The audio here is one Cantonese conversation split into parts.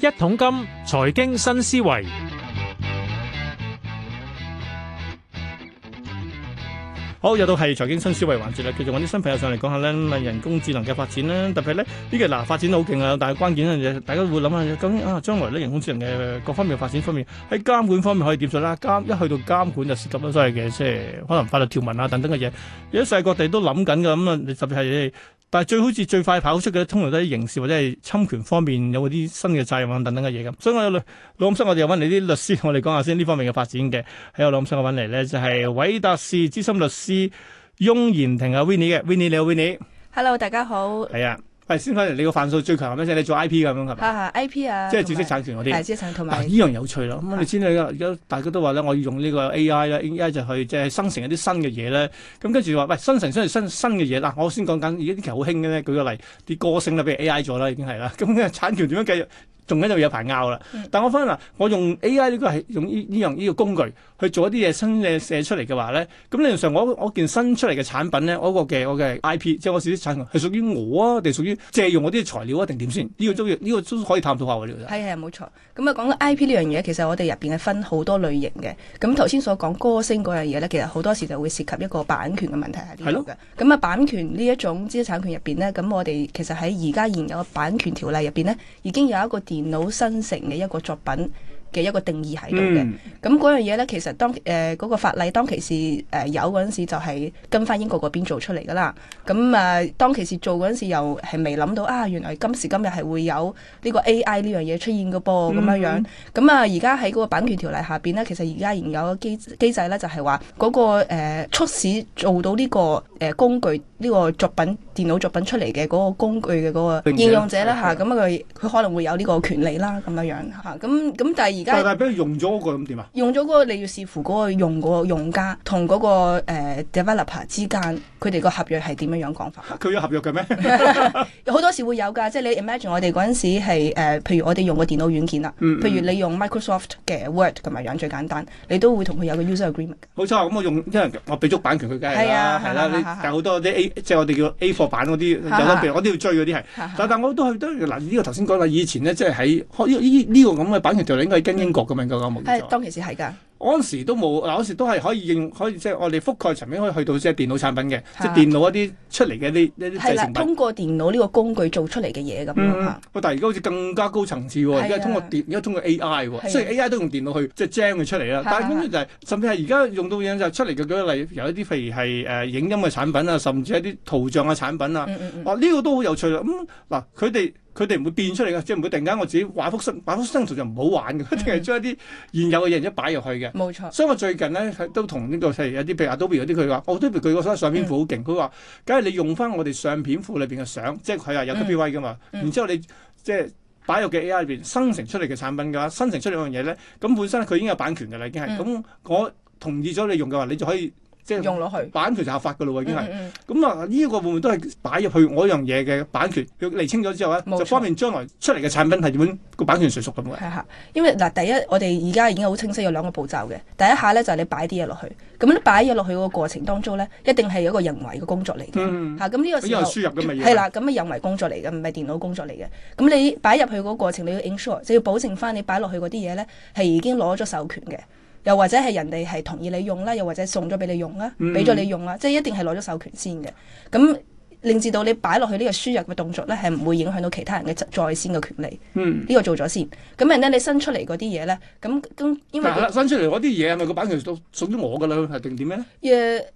一桶金，財經新思維。好、哦，又到係財經新思維環節啦。繼續揾啲新朋友上嚟講下咧，人工智能嘅發展啦，特別咧呢個嗱、啊、發展得好勁啊！但係關鍵咧，就大家會諗下，究竟啊將來呢人工智能嘅各方面發展方面，喺監管方面可以點算啦？監一去到監管就涉及咗所謂嘅即係可能法律條文啊等等嘅嘢。而家世界各地都諗緊嘅咁啊，特別係但係最好似最快跑出嘅，通常都係刑事或者係侵權方面有啲新嘅責任啊等等嘅嘢咁。所以我律老闆生，我哋又揾嚟啲律師我哋講下先呢方面嘅發展嘅。喺我老闆生，我揾嚟咧就係衛達仕資深律師。翁妍婷啊 w i n n i e 嘅 w i n n i e 你好 w i n n i e h e l l o 大家好，係啊，喂，先翻嚟，你個範數最強係咩先？你做 I P 咁樣係嘛？啊，I P 啊，即係知識產權嗰啲，知識產同埋，依樣有、啊、趣咯。咁、嗯、你知啦，而家大家都話咧，我要用呢個 A I 咧，A I 就去即係、就是、生成一啲新嘅嘢咧。咁跟住話喂，生成新新新嘅嘢啦。我先講緊，而家啲其實好興嘅咧。舉個例，啲歌星啦，俾 A I 咗啦，已經係啦。咁啊，產權點樣計？仲喺度有排拗啦，但我翻啦，我用 A I 呢個係用呢呢樣呢個工具去做一啲嘢新嘅寫出嚟嘅話咧，咁理論上我我件新出嚟嘅產品咧，我個嘅我嘅 I P 即係我少啲產，係屬於我啊，定係屬於借用我啲材料啊，定點先？呢、呢個中意呢個都、就係呢個、可以探討下我其實。係係冇錯。咁啊，講緊 I P 呢樣嘢，其實我哋入邊係分好多類型嘅。咁頭先所講歌星嗰樣嘢咧，其實好多時就會涉及一個版權嘅問題喺度嘅。咁啊的，版權呢一種知識產權入邊咧，咁我哋其實喺而家現有嘅版權條例入邊咧，已經有一個電腦生成嘅一個作品。嘅一個定義喺度嘅，咁嗰、嗯嗯、樣嘢咧，其實當誒嗰、呃那個法例當其時誒有嗰陣時，呃、時就係跟翻英國嗰邊做出嚟噶啦。咁、嗯、啊，當其時做嗰陣時，又係未諗到啊，原來今時今日係會有呢個 AI 呢樣嘢出現嘅噃，咁樣樣。咁啊、嗯，而家喺嗰個版權條例下邊咧，其實而家現有機機制咧，就係話嗰個促使、呃、做到呢、這個誒、呃、工具呢、這個作品電腦作品出嚟嘅嗰個工具嘅嗰個應用者啦吓，咁啊佢佢、嗯嗯嗯嗯嗯、可能會有呢個權利啦，咁樣樣吓，咁咁第但係俾佢用咗嗰個咁點啊？用咗嗰個你要視乎嗰個用嗰個用家同嗰個 developer 之間，佢哋個合約係點樣樣講法？佢有合約嘅咩？好多時會有㗎，即係你 imagine 我哋嗰陣時係譬如我哋用個電腦軟件啦，譬如你用 Microsoft 嘅 Word 同埋樣最簡單，你都會同佢有個 user agreement。冇錯，咁我用，因為我俾足版權佢，梗係啊，係啦。但好多啲 A，即係我哋叫 A 貨版嗰啲有得俾，我都要追嗰啲係。但但我都去，都嗱，呢個頭先講啦，以前咧即係喺呢呢呢個咁嘅版權條例應該。跟英國咁樣嘅我冇錯，係當其時係㗎。嗰陣時都冇嗱，嗰陣時都係可以用，可以即係我哋覆蓋層面可以去到即係電腦產品嘅，即係電腦一啲出嚟嘅啲一啲製成品。係啦，通過電腦呢個工具做出嚟嘅嘢，咁但係而家好似更加高層次喎，而家通過電，而家通過 AI 喎。雖然 AI 都用電腦去即係 jam 佢出嚟啦，但係根本就係甚至係而家用到樣就出嚟嘅。舉例，有一啲譬如係誒影音嘅產品啊，甚至一啲圖像嘅產品啊，啊呢個都好有趣啦。咁嗱佢哋。佢哋唔會變出嚟嘅，即係唔會突然間我自己畫幅生畫幅生圖就唔好玩嘅。佢淨係將一啲現有嘅嘢一擺入去嘅，冇錯。所以我最近咧都同呢、呢個譬如有啲譬如 Adobe 嗰啲，佢話我 Adobe 佢個張相片庫好勁，佢話梗係你用翻我哋相片庫裏邊嘅相，即係佢話有 K P I 噶嘛。嗯嗯、然之後你即係擺入嘅 A I 入邊生成出嚟嘅產品嘅話，生成出嚟嗰樣嘢咧，咁本身佢已經有版權嘅啦，已經係咁。嗯嗯、我同意咗你用嘅話，你就可以。即係用落去版權就合法嘅咯喎，已經係。咁啊，呢、這個會唔會都係擺入去我一樣嘢嘅版權，佢釐清咗之後咧，沒錯 就方便將來出嚟嘅產品係點樣個版權誰屬咁嘅？係嚇，因為嗱，第一我哋而家已經好清晰有兩個步驟嘅。第一下咧就係、是、你擺啲嘢落去，咁擺嘢落去個過程當中咧，一定係有一個人為嘅工作嚟嘅。嚇、嗯啊，咁呢個時候輸入嘅咪係啦，咁嘅人為工作嚟嘅，唔係電腦工作嚟嘅。咁你擺入去個過程，你要 ensure，就要保證翻你擺落去嗰啲嘢咧係已經攞咗授權嘅。又或者係人哋係同意你用啦，又或者送咗俾你用啦，俾咗、嗯嗯、你用啦，即係一定係攞咗授權先嘅。咁、嗯嗯嗯、令至到你擺落去呢個輸入嘅動作咧，係唔會影響到其他人嘅在先嘅權利。這個、嗯，呢個做咗先。咁人咧，你伸出嚟嗰啲嘢咧，咁咁因為你、啊、伸出嚟嗰啲嘢係咪個版權都屬於我噶啦？係定點咩？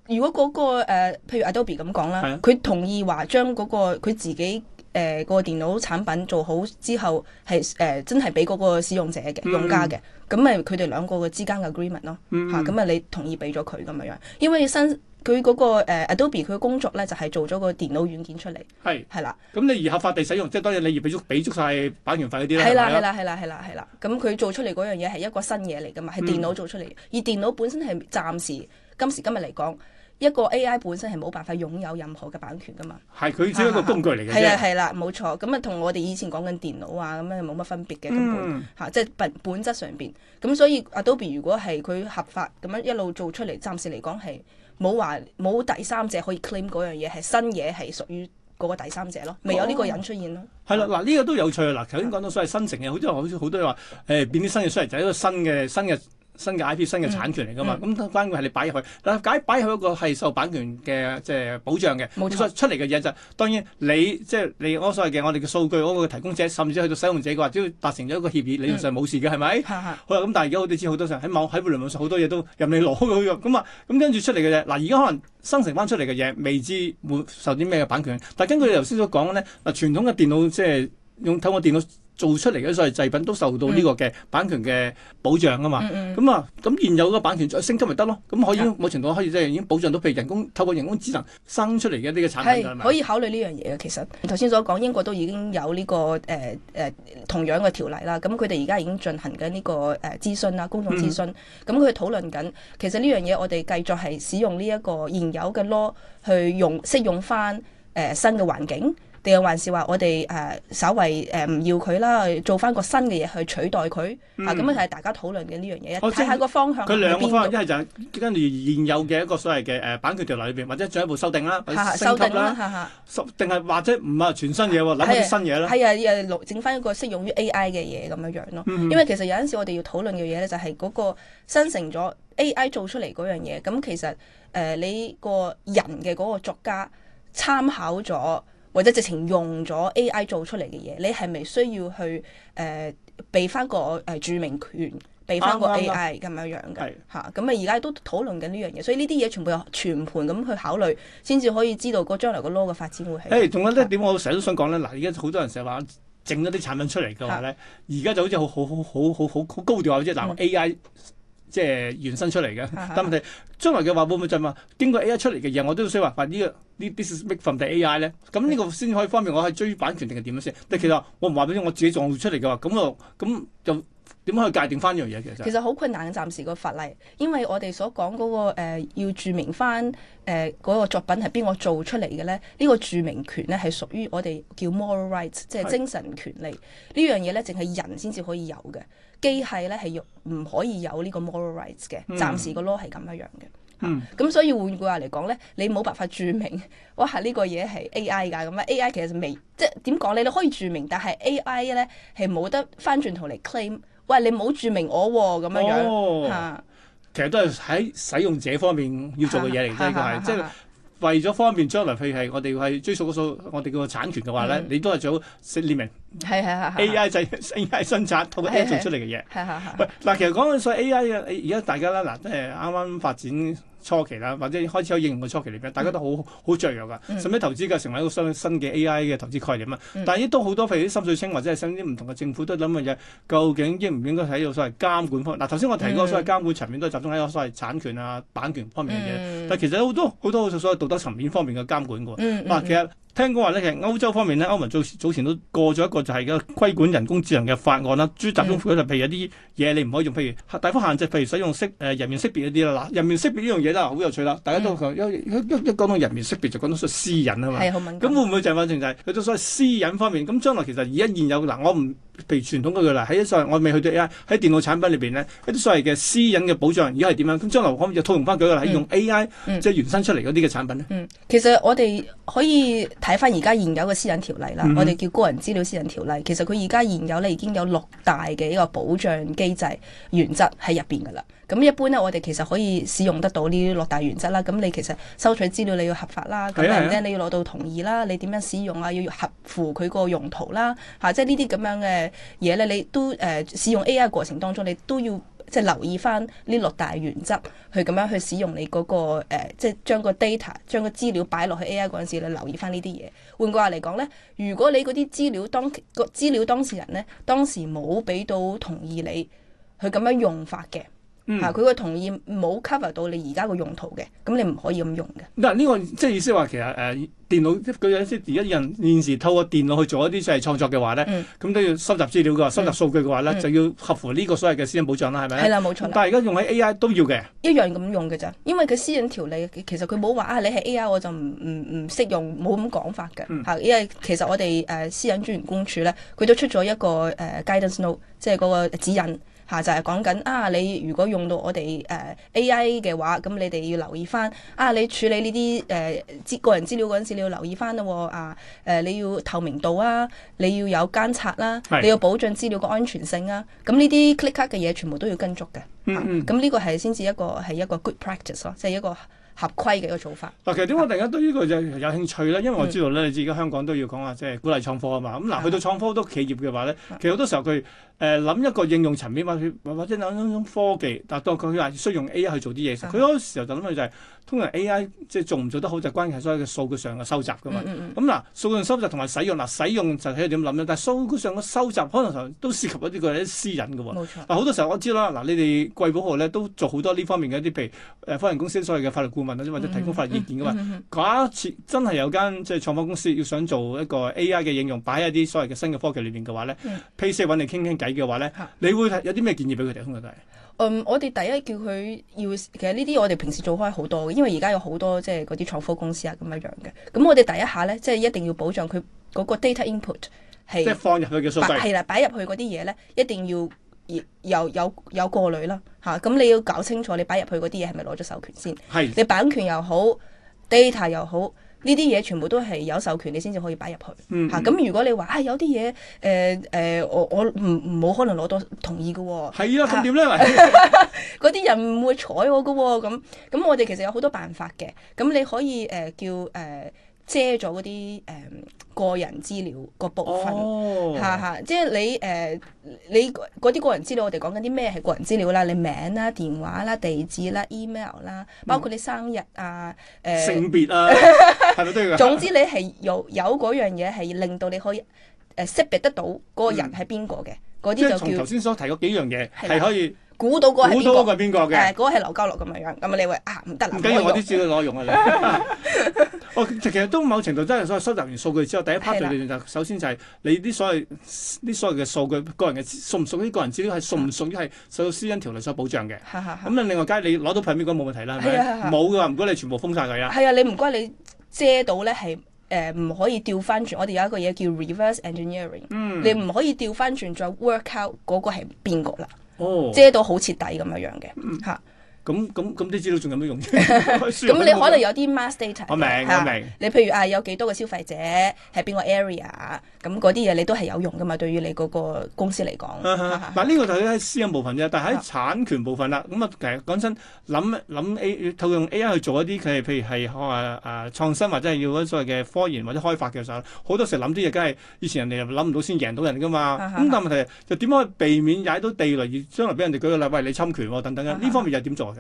誒，如果嗰、嗰個誒、呃，譬如 Adobe 咁講啦，佢係、啊、同意話將嗰個佢自己。誒、uh, 個電腦產品做好之後，係誒、uh, 真係俾嗰個使用者嘅、um, 用家嘅，咁咪佢哋兩個嘅之間嘅 agreement 咯嚇，咁咪、um, 啊、你同意俾咗佢咁樣，因為新佢嗰、那個、uh, Adobe 佢工作咧就係、是、做咗個電腦軟件出嚟，係係是啦，咁你而合法地使用，即係當然你亦俾足俾足晒版權費嗰啲啦，係啦係啦係啦係啦係啦，咁佢、嗯、做出嚟嗰樣嘢係一個新嘢嚟噶嘛，係電腦做出嚟，而電腦本身係暫時今時今日嚟講。一個 AI 本身係冇辦法擁有任何嘅版權噶嘛，係佢只係一個工具嚟嘅啫。係啊係啦冇錯，咁啊同我哋以前講緊電腦啊咁樣冇乜分別嘅，根本即係本本質上面，咁所以 Adobe 如果係佢合法咁樣一路做出嚟，暫時嚟講係冇話冇第三者可以 claim 嗰樣嘢係新嘢係屬於嗰個第三者咯，未有呢個人出現咯。係啦，嗱呢個都有趣啊，嗱頭先講到所謂新城嘅，好似人好似好多話誒變啲新嘅出嚟就係一個新嘅新嘅。新新嘅 IP、新嘅產權嚟噶嘛？咁、嗯、關鍵係你擺入去，但係擺入去一個係受版權嘅即係保障嘅。冇錯。所以出嚟嘅嘢就係、當然你即係、就係、你我所謂嘅我哋嘅數據嗰個提供者，甚至去到使用者嘅話，只要達成咗一個協議，理論上冇事嘅係咪？係係。好啦，咁但係而家我哋知好多時候喺網喺互聯網上好多嘢都任你攞去咗，咁啊咁跟住出嚟嘅嘢嗱，而家可能生成翻出嚟嘅嘢未知會受啲咩嘅版權，但係根據你頭先所講咧，嗱傳統嘅電腦即、就、係、係。用透過電腦做出嚟嘅所謂製品都受到呢個嘅版權嘅保障啊嘛，咁啊咁現有嘅版權再升級咪得咯，咁可以某程度可以即係已經保障到譬如人工透過人工智能生出嚟嘅呢個產品係咪可以考慮呢樣嘢啊。其實頭先所講英國都已經有呢、呢個誒誒、呃呃、同樣嘅條例啦，咁佢哋而家已經進行緊、呢、呢個誒諮詢啦，公、呃、眾諮詢，咁佢、嗯、討論緊，其實呢樣嘢我哋繼續係使用呢一個現有嘅 law 去用適用翻誒新嘅環境。定係還是話我哋誒、呃、稍為誒唔要佢啦，做翻個新嘅嘢去取代佢、嗯、啊？咁就係大家討論嘅呢樣嘢，睇下個方向佢兩個方向，喺邊，一係就係跟住現有嘅一個所謂嘅誒、呃、版權條例裏邊，或者進一步修訂啦、啊，修訂啦，升定係或者唔係全新嘢喎？諗啲新嘢啦。係啊，誒整翻一個適用於 AI 嘅嘢咁樣樣咯。嗯、因為其實有陣時我哋要討論嘅嘢咧，就係、是、嗰個生成咗 AI 做出嚟嗰樣嘢。咁其實誒你、呃呃呃、個人嘅嗰個作家參考咗。或者直情用咗 AI 做出嚟嘅嘢，你係咪需要去誒畀翻個誒署名權，畀翻個 AI 咁樣樣嘅？係嚇的，咁啊而家都在討論緊呢樣嘢，所以呢啲嘢全部又全盤咁去考慮，先至可以知道個將來個 law 嘅發展會係。誒，仲有咧點,點？我成日都想講咧，嗱，而家好多人成日話整咗啲產品出嚟嘅話咧，而家的就好似好好好好好好高調啊，即係嗱。AI。即係延伸出嚟嘅，uh huh. 但問題將來嘅話會唔會進嘛？經過 A.I. 出嚟嘅嘢，我都要需要話：凡呢、呢個呢啲 made from the A.I. 咧，咁呢個先可以方便我去追版權定係點樣先？Uh huh. 但其實我唔話俾你，我自己撞出嚟嘅話，咁啊咁就。點樣去界定翻呢樣嘢其實？其實好困難嘅，暫時個法例，因為我哋所講嗰、嗰個、呃、要注明翻誒嗰個作品係邊個做出嚟嘅咧？呢個、呢個註明權咧係屬於我哋叫 moral rights，即係精神權利是樣呢樣嘢咧，淨係人先至可以有嘅，機械咧係用唔可以有呢個 moral rights 嘅。嗯、暫時個 law 係咁一樣嘅。嗯。咁、啊、所以換句話嚟講咧，你冇辦法註明哇係呢、呢個嘢係 AI 㗎咁啊！AI 其實未即係點講你你可以註明，但係 AI 咧係冇得翻轉頭嚟 claim。喂，你冇注明我咁、啊、樣樣，哦、是其實都係喺使用者方面要做嘅嘢嚟嘅，應該係即係為咗方便將來譬如係我哋係追溯嗰個我哋叫個產權嘅話咧、嗯，你都係做好列明係係係 A I 製 A I 生產同過 AI 做出嚟嘅嘢係係係。嗱，其實講起所以 A I 啊，而家大家咧嗱，即係啱啱發展。初期啦，或者開始有應用嘅初期嚟嘅，大家都好好雀躍㗎，甚至投資嘅成為一個新新嘅 AI 嘅投資概念啊！嗯、但係亦都好多，譬如啲深水清或者係新啲唔同嘅政府都諗嘅嘢，究竟應唔應該喺度所謂監管方面？嗱、啊，頭先我提過所謂監管層面都係集中喺個所謂產權啊、版權方面嘅嘢，嗯、但係其實好多好多所謂道德層面方面嘅監管喎。嗱、嗯嗯啊，其實。聽講話咧，其實歐洲方面咧，歐盟早早前都過咗一個就係個規管人工智能嘅法案啦。朱澤中譬如有啲嘢你唔可以用，譬如大幅限制，譬如使用識誒人面識別嗰啲啦。嗱，人面識別呢樣嘢啦，好有趣啦，大家都、嗯、一一講到人面識別就講到出私隱啊嘛。係好敏感。咁會唔會就係反正就係佢將所謂私隱方面，咁將來其實而家現有嗱，我唔。譬如傳統嘅嘅啦，喺一啲我未去到 AI，喺電腦產品裏邊咧，一啲所謂嘅私隱嘅保障，而家係點樣，咁將來可唔可以套用翻嗰個咧？嗯、用 AI 即係延伸出嚟嗰啲嘅產品咧？嗯，其實我哋可以睇翻而家現有嘅私隱條例啦，嗯、哼我哋叫個人資料私隱條例。其實佢而家現有咧已經有六大嘅一個保障機制原則喺入邊噶啦。咁一般咧，我哋其實可以使用得到呢啲六大原則啦。咁你其實收取資料你要合法啦，咁人咧你要攞到同意啦。你點樣使用啊？要合乎佢個用途啦，嚇、啊，即係呢啲咁樣嘅嘢咧。你都誒、呃、使用 A I 過程當中，你都要即係留意翻呢六大原則，去咁樣去使用你嗰、嗰個、呃、即係將個 data 將個資料擺落去 A I 嗰陣時咧，你留意翻呢啲嘢。換句話嚟講咧，如果你嗰啲資料當個資料當事人咧，當時冇俾到同意你去咁樣用法嘅。嗯，佢個同意冇 cover 到你而家個用途嘅，咁你唔可以咁用嘅。嗱，呢個即係意思話，其實誒、呃、電腦，佢有一係而家人現時透過電腦去做一啲即係創作嘅話咧，咁、嗯、都要收集資料嘅話，嗯、收集數據嘅話咧，嗯、就要合乎呢個所謂嘅私隱保障啦，係咪咧？係啦、嗯，冇、嗯、錯。但係而家用喺 AI 都要嘅，一樣咁用嘅咋，因為佢私隱條例，其實佢冇話啊，你係 AI 我就唔唔唔適用，冇咁講法嘅。嚇、嗯，因為其實我哋誒、呃、私隱專員公署咧，佢都出咗一個誒 guidance note，即係嗰個指引。就係講緊啊！你如果用到我哋誒、呃、AI 嘅話，咁你哋要留意翻啊！你處理呢啲誒資個人資料嗰陣時，你要留意翻咯啊！誒、呃，你要透明度啊，你要有監察啦、啊，是你要保障資料個安全性啊。咁呢啲 click 卡嘅嘢，全部都要跟足嘅。嗯咁、嗯、呢、啊、個係先至一個係一個 good practice 咯、啊，即係一個合規嘅一個做法。嗱，其實點解大家對呢個有興趣咧？嗯、因為我知道咧，而家香港都要講下即係鼓勵創科啊嘛。咁嗱，去到創科好多企業嘅話咧，其實好多時候佢。誒諗一個應用層面，或者一種科技，但係當佢需要用 A.I. 去做啲嘢時，佢嗰的時候就諗佢就係、是、通常 A.I. 即係做唔做得好就是、關鍵係所有嘅數據上嘅收集㗎嘛。咁嗱、嗯嗯嗯，數據上收集同埋使用，嗱使用就睇點諗啦。但係數據上嘅收集可能都涉及一啲個人嘅私隱㗎喎。嗱好錯多時候我知啦，嗱你哋貴寶號咧都做好多呢方面嘅一啲，譬如誒法人公司所謂嘅法律顧問，或者提供法律意見㗎嘛。嗯嗯嗯嗯嗯假設真係有間即係創科公司要想做一個 A.I. 嘅應用擺喺一啲所謂嘅新嘅科技裏邊嘅話咧 PC 揾你傾傾偈。嘅話咧，你會有啲咩建議俾佢哋？通常都係，嗯，我哋第一叫佢要，其實呢啲我哋平時做開好多嘅，因為而家有好多即係嗰啲創科公司啊咁樣樣嘅。咁我哋第一下咧，即係一定要保障佢嗰個 data input 係，即係放入去嘅數據係啦，擺入去嗰啲嘢咧，一定要有有有過濾啦。吓，咁你要搞清楚，你擺入去嗰啲嘢係咪攞咗授權先？係，你版權又好，data 又好。呢啲嘢全部都係有授權，你先至可以擺入去嚇。咁、嗯啊、如果你話啊，有啲嘢誒誒，我我唔冇可能攞到同意㗎喎、哦。係啊，咁點咧？嗰啲、啊、 人唔會睬我㗎喎、哦。咁咁，我哋其實有好多辦法嘅。咁你可以誒、呃、叫誒。呃遮咗嗰啲誒個人資料個部分，嚇嚇、oh.，即係你誒、呃、你嗰啲個人資料，我哋講緊啲咩係個人資料啦？你名啦、電話啦、地址啦、嗯、email 啦，包括你生日啊、誒、呃、性別啊，係都要噶？總之你係有有嗰樣嘢係令到你可以誒、呃、識別得到嗰個人係邊個嘅嗰啲就叫。頭先所提嗰幾樣嘢，係可以。 估到個係邊個嘅？誒、嗯，嗰、那個係劉嘉樂咁嘅樣。咁啊，你話啊，唔得啦，唔緊要，我啲資料攞用啊你。我其實都某程度真係所以收集完數據之後，第一 part 就係首先就係你啲所謂啲的所謂嘅數據，個人嘅屬唔屬於個人資料，係屬唔屬於係受到私隱條例所保障嘅。咁的另外加你攞到份邊個冇問題啦，係咪的？冇嘅的話，唔該你全部封晒佢啊。係啊，你唔該你遮到咧，係誒唔可以調翻轉。我哋有一個嘢叫 reverse engineering，、嗯、你唔可以調翻轉再 work out 嗰個係邊個啦。遮到好徹底咁樣樣嘅，嚇、嗯。咁咁咁啲資料仲有咩用？咁你可能有啲 mass data 我明我明。你譬如啊，有幾多個消費者係邊個 area？咁嗰啲嘢你都係有用噶嘛？對於你嗰個公司嚟講，嗱呢個就係私隱部分啫。但喺產權部分啦，咁啊其實講真，諗諗 A 套用 A.I. 去做一啲佢係譬如係啊啊創新或者要所謂嘅科研或者開發嘅時候，好多時諗啲嘢，梗係以前人哋諗唔到先贏到人噶嘛。咁但係問題就點樣避免踩到地雷，而將來俾人哋舉個例，喂你侵權等等呢方面又點做？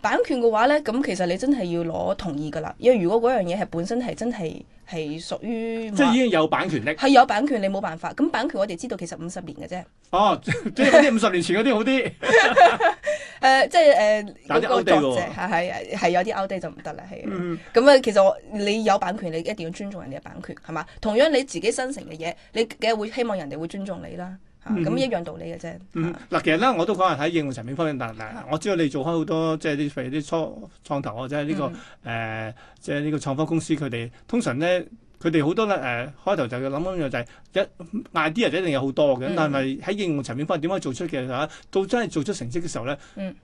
版權嘅話咧，咁其實你真係要攞同意噶啦，因為如果嗰樣嘢係本身係真係係屬於即係已經有版權力，係有版權你冇辦法。咁版權我哋知道其實五十年嘅啫。哦，即係嗰啲五十年前嗰啲好啲。誒 呃，即係誒、呃，有啲 outdate 係係係有啲 outdate 就唔得啦，係。咁啊、嗯，其實我你有版權，你一定要尊重人哋嘅版權，係嘛？同樣你自己生成嘅嘢，你梗係會希望人哋會尊重你啦。咁一樣道理嘅啫。嗱、嗯嗯，其實咧我都講係喺應用層面方面，嗱，我知道你做開好多即係啲譬如啲初創投或者係呢個誒，即係呢、這個嗯呃、個創科公司佢哋通常咧，佢哋好多咧誒、呃，開頭就要諗緊嘢就係 idea 一定有好多嘅，但係喺應用層面方面點樣做出嘅嚇？到真係做出成績嘅時候咧。嗯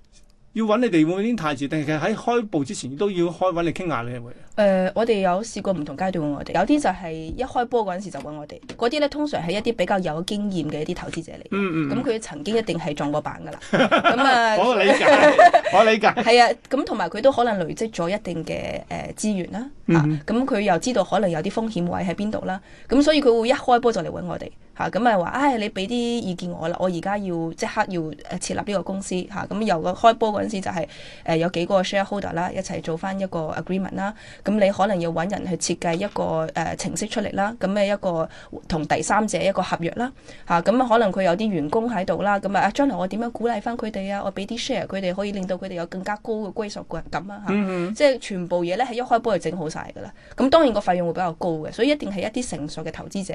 要揾你哋會已經太遲，定係喺開步之前都要開揾你傾下你會？誒、呃，我哋有試過唔同階段我哋，有啲就係一開波嗰陣時就揾我哋，嗰啲咧通常係一啲比較有經驗嘅一啲投資者嚟，咁佢、嗯嗯嗯、曾經一定係撞過板噶啦，咁 啊，我理解， 我理解，係啊，咁同埋佢都可能累積咗一定嘅誒資源啦，咁佢、嗯嗯啊、又知道可能有啲風險位喺邊度啦，咁所以佢會一開波就嚟揾我哋。嚇咁咪話，唉、啊哎！你俾啲意見我啦，我而家要即刻要誒設立呢個公司嚇。咁、啊、由個開波嗰陣時就係、是、誒、呃、有幾個 shareholder 啦，一齊做翻一個 agreement 啦。咁你可能要搵人去設計一個誒、呃、程式出嚟啦。咁、這、嘅、個、一個同第三者一個合約啦。嚇咁啊，可能佢有啲員工喺度啦。咁啊，將來我點樣鼓勵翻佢哋啊？我俾啲 share 佢哋，可以令到佢哋有更加高嘅歸屬感啊！嚇、啊，mm hmm. 即係全部嘢咧係一開波就整好晒噶啦。咁當然個費用會比較高嘅，所以一定係一啲成熟嘅投資者。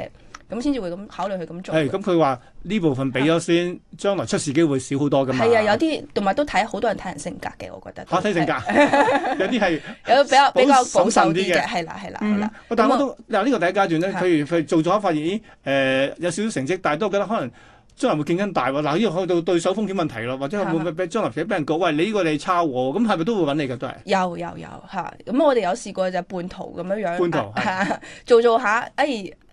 咁先至會咁考慮佢咁做。係，咁佢話呢部分俾咗先，將來出事機會少好多咁。係啊，有啲同埋都睇好多人睇人性格嘅，我覺得。睇性格，有啲係有比較比較保守啲嘅。係啦，係啦，係啦。但我都嗱呢個第一階段咧，譬如佢做咗發現，咦誒有少少成績，但係都覺得可能將來會競爭大喎。嗱，呢個去到對手風險問題咯，或者會唔會俾將來或俾人告？喂，你呢個你抄我，咁係咪都會揾你㗎？都係。有有有嚇，咁我哋有試過就半途咁樣樣。半途。做做下，哎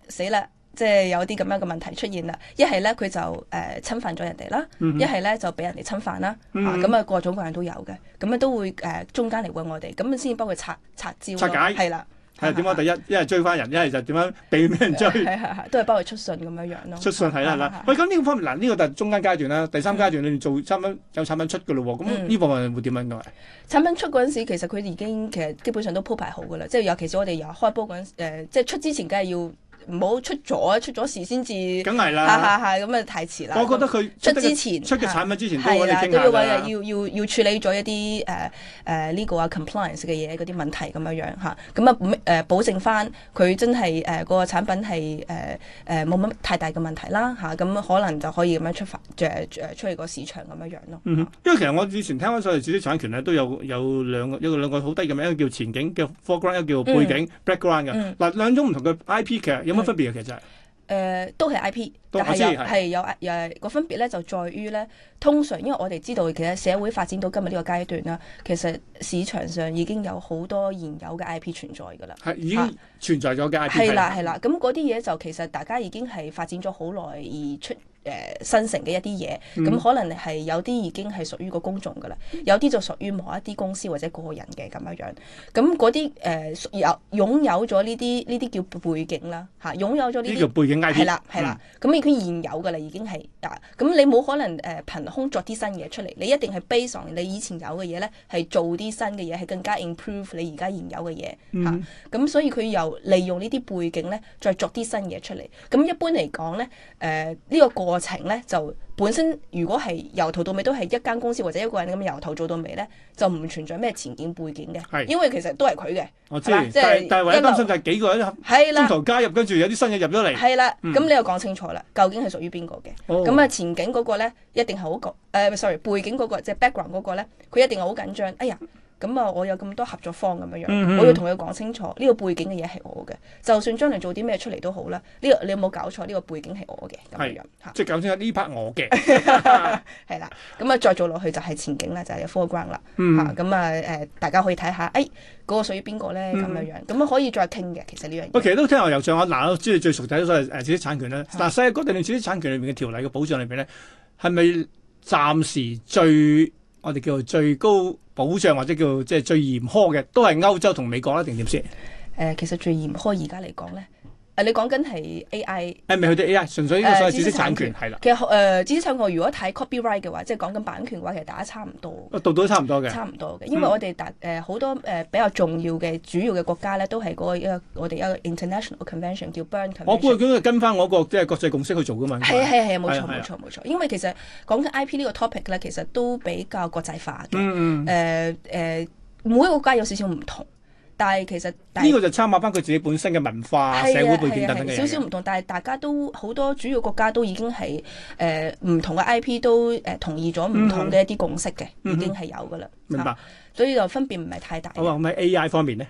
死啦！即係有啲咁樣嘅問題出現啦，一係咧佢就誒、呃、侵犯咗人哋啦，一係咧就俾人哋侵犯啦，咁啊各種各樣都有嘅，咁啊都會誒、呃、中間嚟揾我哋，咁啊先幫佢拆拆招，招，拆解係啦，係點解第一，一係、啊啊啊啊啊、追翻人，一係就點樣避免人追，嗯、啊啊都係幫佢出信咁樣樣咯，出信係啦，係啦。喂的，咁呢個方面嗱，呢個就係中間階段啦，第三階段你做產品有產品出㗎咯喎，咁呢部分會點樣㗎？產品出嗰陣時，其實佢已經其實基本上都鋪排好㗎啦，即係尤其是我哋由開波嗰陣誒，即係出之前梗係要。唔好出咗，出咗事先至，梗係啦，係咁啊，太遲啦。我覺得佢出之前出嘅產品之前都，的都要揾你傾下嘅，要揾要要要處理咗一啲誒誒呢個啊 compliance 嘅嘢嗰啲問題咁樣樣吓，咁啊誒、啊、保證翻佢真係誒、呃那個產品係誒誒冇乜太大嘅問題啦吓，咁、啊啊啊、可能就可以咁樣出發誒誒、啊、出嚟個市場咁樣樣咯。嗯哼啊、因為其實我以前聽翻所謂知識產權咧，都有有兩個有兩個好低嘅名，一個叫前景嘅 foreground，一個叫背景 background 嘅。嗱兩種唔同嘅 IP 其乜分別啊？其實，誒、呃、都係 I P，但係係有誒、個分別咧，就在於咧。通常因為我哋知道，其實社會發展到今日呢個階段啦，其實市場上已經有好多現有嘅 I P 存在㗎啦，係已經存在咗嘅 I P。係啦，係啦，咁嗰啲嘢就其實大家已經係發展咗好耐而出。誒，新成嘅一啲嘢，咁可能係有啲已經係屬於個公眾噶啦，有啲就屬於某一啲公司或者個人嘅咁樣樣。咁嗰啲誒，呃、有擁有咗呢啲呢啲叫背景啦，吓擁有咗呢啲叫背景，係啦係啦。咁而佢現有噶啦，已經係啊。咁你冇可能誒，憑、呃、空作啲新嘢出嚟，你一定係 based on 你以前有嘅嘢咧，係做啲新嘅嘢，係更加 improve 你而家現有嘅嘢。吓、啊、咁、嗯嗯、所以佢又利用呢啲背景咧，再作啲新嘢出嚟。咁一般嚟講咧，誒、呃、呢、這個個情咧就本身，如果係由頭到尾都係一間公司或者一個人咁由頭做到尾咧，就唔存在咩前景背景嘅。係是，因為其實都係佢嘅。我知，即係吧但係是唯一擔心就係幾個人中途加入，跟住的有啲新嘢入咗嚟。係啦的，咁、嗯、你又講清楚啦，究竟係屬於邊個嘅？咁啊、哦、前景嗰個咧，一定係好誒，sorry 背景嗰、那個即係、就是、background 嗰個咧，佢一定係好緊張。哎呀！咁啊，我有咁多合作方咁樣樣，我要同佢講清楚呢個背景嘅嘢係我嘅，就算將嚟做啲咩出嚟都好啦。呢個你有冇搞錯？呢個背景係我嘅咁樣，即係搞清楚呢 part 我嘅係啦。咁啊，再做落去就係前景啦，就係 background 啦嚇。咁啊誒，大家可以睇下，誒嗰個屬於邊個咧咁樣樣。咁啊可以再傾嘅，其實呢樣嘢，其實都聽我遊長話嗱，知你最熟睇咗係誒這些產權咧。嗱，世界土地鏈這些產權裏面嘅條例嘅保障裏面咧，係咪暫時最？我哋叫做最高保障或者叫即係最嚴苛嘅，都係歐洲同美國啦，定點先？誒、呃，其實最嚴苛而家嚟講咧。你講緊係 AI？誒，唔係佢哋 AI，純粹係知識產權，係啦。其實誒知識產權，如果睇 copyright 嘅話，即係講緊版權嘅話，其實大家差唔多。啊，度都差唔多嘅。差唔多嘅，因為我哋大誒好多誒比較重要嘅主要嘅國家咧，都係嗰個一個我哋一個 international convention 叫 Berne Convention，我估佢應該跟翻我國即係國際共識去做㗎嘛。係啊，係啊，冇錯冇錯冇錯，因為其實講緊 IP 呢個 topic 咧，其實都比較國際化嘅。嗯嗯。每一個國家有少少唔同。但係其實呢個就參考翻佢自己本身嘅文化、社會背景等等嘅嘢。少少唔同，但係大家都好多主要國家都已經係誒唔同嘅 I P 都誒同意咗唔同嘅一啲共識嘅，已經係有噶啦。明白，所以就分別唔係太大。好啊，咁喺 A I 方面呢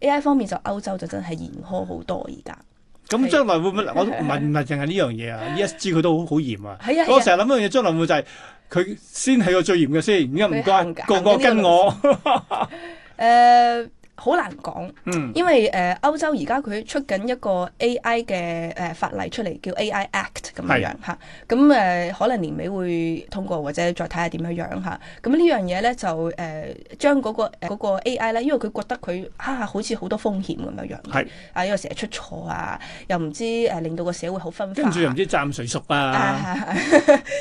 A I 方面就歐洲就真係嚴苛好多而家。咁將來會唔會？我唔係唔係淨係呢樣嘢啊？依一招佢都好好嚴啊！我成日諗一樣嘢，將來會就係佢先係個最嚴嘅先，而家唔該個個跟我。誒。好難講，因為誒歐洲而家佢出緊一個 AI 嘅誒法例出嚟，叫 AI Act 咁樣樣吓，咁誒可能年尾會通過，或者再睇下點樣樣吓。咁呢樣嘢咧就誒將嗰個個 AI 咧，因為佢覺得佢吓好似好多風險咁樣樣，係啊，因為成日出錯啊，又唔知誒令到個社會好分分跟住又唔知站誰屬啊，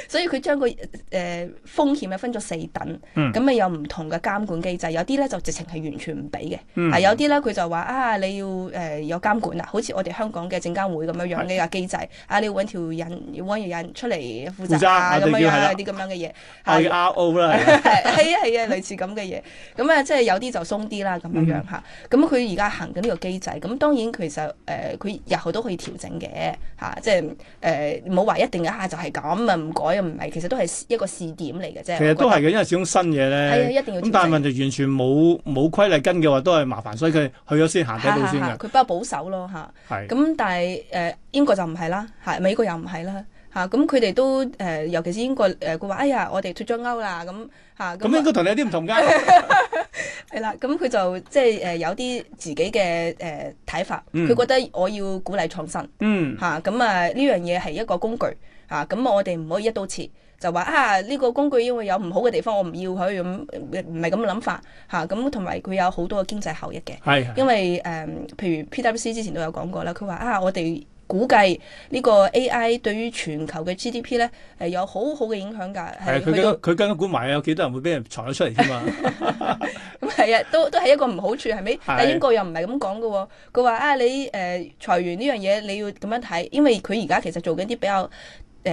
所以佢將個誒風險咧分咗四等，咁啊有唔同嘅監管機制，有啲咧就直情係完全唔俾嘅。啊有啲咧佢就話啊你要誒有監管啊，好似我哋香港嘅證監會咁樣樣呢個機制啊，你要揾條人，要揾條人出嚟負責啊咁樣樣啲咁樣嘅嘢，係 R O 啦，係啊係啊類似咁嘅嘢，咁啊即係有啲就鬆啲啦咁樣樣嚇，咁佢而家行緊呢個機制，咁當然其實誒佢日後都可以調整嘅嚇，即係誒冇話一定一下就係咁啊唔改唔係，其實都係一個試點嚟嘅啫。其實都係嘅，因為始終新嘢咧，咁但係問題完全冇冇規例跟嘅話都。係麻煩，所以佢去咗先行睇到先嘅。佢比較保守咯，吓、嗯。係。咁但係誒，英國就唔係啦，吓，美國又唔係啦，吓、嗯，咁佢哋都誒，尤其是英國誒，佢話哎呀，我哋脫咗歐啦，咁吓。咁應該同你有啲唔同㗎。係啦，咁佢就即係誒有啲自己嘅誒睇法，佢覺得我要鼓勵創新，嗯，嚇， 咁啊呢樣嘢係一個工具，嚇、嗯，咁我哋唔可以一刀切。嗯就話啊，呢個工具因為有唔好嘅地方，我唔要佢，咁唔係咁嘅諗法嚇。咁同埋佢有好多嘅經濟效益嘅，是是是因為誒、呃，譬如 PWC 之前都有講過啦，佢話啊，我哋估計呢個 AI 對於全球嘅 GDP 咧係有好好嘅影響㗎。係，佢佢跟緊估埋有幾多人會俾人裁咗出嚟㗎嘛？咁係啊，都都係一個唔好處係咪？是的 但英國又唔係咁講嘅喎，佢話啊，你誒、啊、裁員呢樣嘢你要咁樣睇，因為佢而家其實做緊啲比較。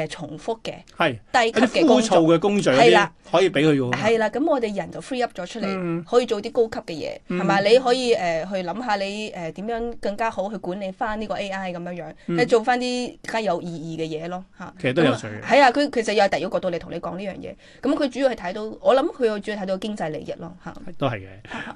誒重複嘅係低級嘅枯燥嘅工序，係啦，可以俾佢用。係啦，咁我哋人就 free up 咗出嚟，可以做啲高級嘅嘢，係嘛？你可以誒去諗下你誒點樣更加好去管理翻呢個 AI 咁樣樣，你做翻啲更加有意義嘅嘢咯。其實都有趣。係啊，佢其實又係第二個角度嚟同你講呢樣嘢。咁佢主要係睇到，我諗佢主要睇到經濟利益咯嚇。都係嘅，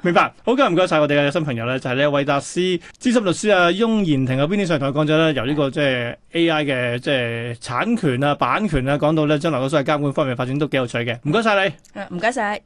明白。好嘅，唔該晒我哋嘅新朋友咧，就係呢位衛達仕資深律師啊翁妍婷啊，邊啲上台講咗咧？由呢個即係 AI 嘅即係產權。權啊，版權啊，講到咧，將來嗰所謂監管方面發展都幾有趣嘅。唔該晒你，唔該晒。